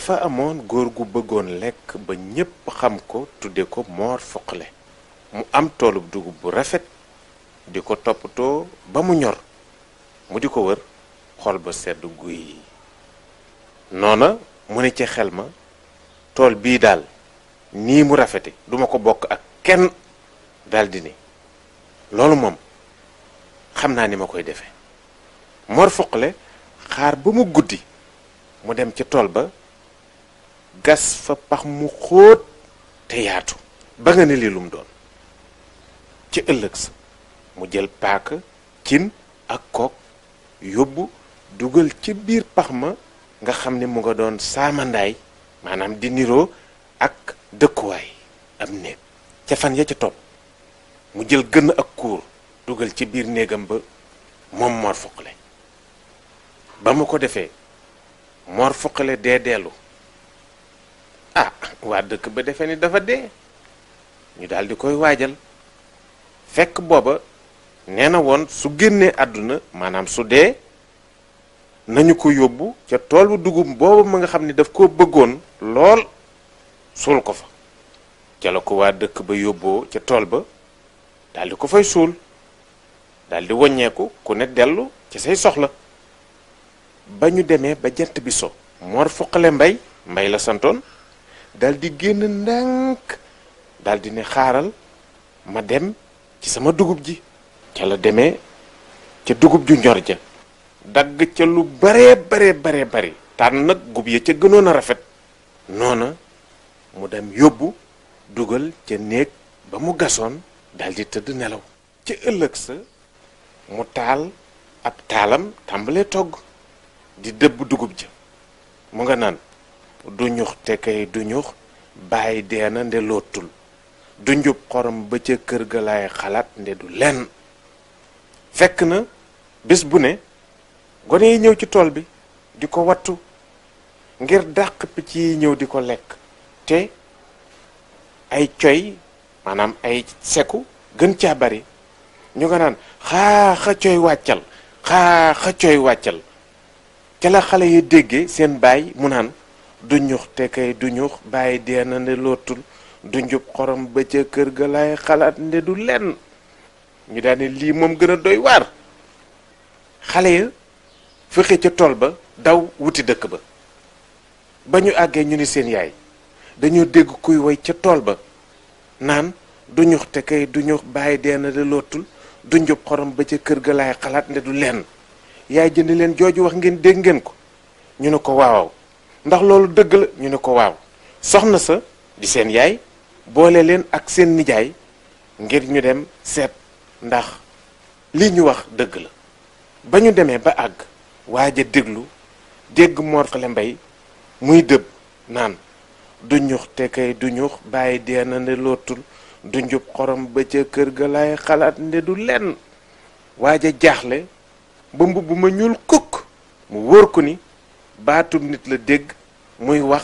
dafa amoon góor gu bëggoon lekk ba ñépp xam ko tudde ko moor foqale mu am toolub dugub bu rafet di ko toppatoo ba mu ñor mu di ko wër xool ba sedd guy noona mu ne ci xel ma tool bii daal nii mu rafete duma ko bokk ak kenn daldi ni loolu moom xam naa ni ma koy defe moor foqale xaar ba mu guddi mu dem ci tool ba gas fa pax mu xóot te yaatu ba nga ne lii lum doon ci ëllëg sa mu jël paaka cin ak kook yóbbu dugal ci biir pax ma nga xam ne mu nga doon saamandaay maanaam di niroo ak dëkkuwaay am néeg ca fan ya ca topp mu jël gën ak kuur dugal ci biir néegam ba moom Mor Foqale ba mu ko defee Mor Foqale dee dellu waa dëkk ba defe ni dafa dee ñu daldi koy waajal fekk booba nee na woon su génnee àdduna maanaam su dee nañu ko yóbbu ca toolu dugub booba ma nga xam ni daf koo bëggoon lool suul ko fa ca la ko waa dëkk ba yóbboo ca tool ba daldi ko fay suul daldi di woññeeku ku ne dellu ci say soxla ba ñu demee ba jant bi so Mor Fuqale Mbay Mbay la santoon daldi génn ndànk daldi di ne xaaral ma dem ci sama dugub ji ca la demee ca dugub ju ñor ja dagg ca lu baree bare bare tànn nag gub ya ca gënoon a rafet noona mu dem yóbbu dugal ca néeg ba mu gasoon daldi tëdd nelaw ca ëllëg sa mu taal ab taalam tàmbalee togg di dëbb dugub ja mu nga naan du duñux te kay duñux bàyyi deena nde lottul du njub xorom ba ca kër ga laay xalaat nde du lenn fekk na bés bu ne gone yi ñëw ci tool bi di ko wattu ngir dàq picc yi ñëw di ko lekk te ay coy maanaam ay seku gën ca bari ñu nga naan xaa coy wàccal xaa xa coy wàccal ca la xale yi déggee seen baay mu naan du ñux te kay du ñux bàyyi dee na lootul du njub xorom ba ca kër ga lay xalaat ne du lenn ñu daane lii moom gën a doy waar xale yi fexe ca tool ba daw wuti dëkk ba ba ñu àggee ñu ni seen yaay dañu dégg kuy woy ca tool ba naan du ñux te kay du ñux bàyyi dee na lootul du njub xorom ba ca kër ga lay xalaat ne du lenn yaay jënd leen jooju wax ngeen dégg ngeen ko ñu ne ko waawaaw ndax loolu dëgg la ñu ne ko waaw soxna sa di seen yaay boole leen ak seen nijaay ngir ñu dem seet ndax li ñu wax dëgg la ba ñu demee ba àgg waaj a déglu dégg Mor Mbay muy dëb naan du ñux te kay du ñux bàyyi dee ne lootul du njub xorom ba ca kër ga lay xalaat ne du lenn waaj a jaaxle ba mbubb ma ñuul kukk mu wër ko ni baatub nit la dégg muy wax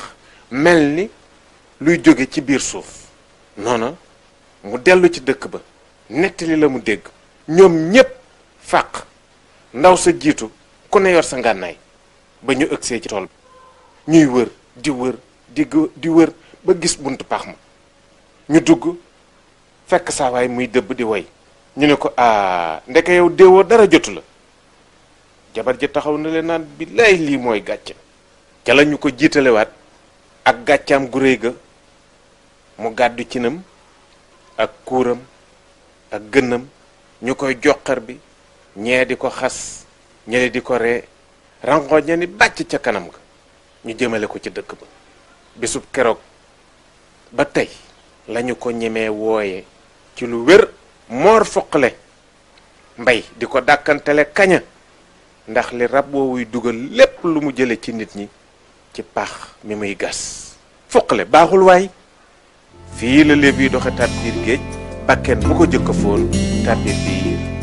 mel ni luy jóge ci biir suuf noona mu dellu ci dëkk ba nettali la mu dégg ñoom ñépp fàq ndaw sa jiitu ku ne yor sa ngànnaay ba ñu ëgsee ci tool bi ñuy wër di wër di di wër ba gis buntu paax ma ñu dugg fekk saawaay muy dëbb di woy ñu ne ko a ndeke yow déewoo dara jotu la jabar ji taxaw na leen naan billaay lii mooy gàcce ca lañu ko jiitale waat ak gàccam gu réy ga mu gàddu cinam ak kuuram ak gënam ñu koy joxar bi ñee di ko xas ñele di ko ree rangooj ña bàcc ca kanam ga ñu jëmale ko ca dëkk ba bisub keroog ba tey lañu ko ñemee wooye ci lu wér moor foqale mbay di ko dàkkantele kaña ndax li rab woowuy dugal lépp lu mu jële ci nit ñi ci pax mi muy gas le baaxul waay fii la léeb yi doxe tàbbiir géej bakken bu ko jëkk a fóon tàbbiir biir